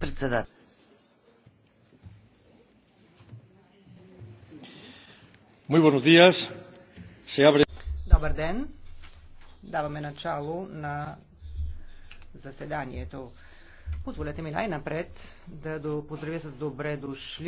председател. Muy buenos días. Se abre... Добър ден. Даваме начало на заседанието. Позволете ми най-напред да поздравя с добре дошли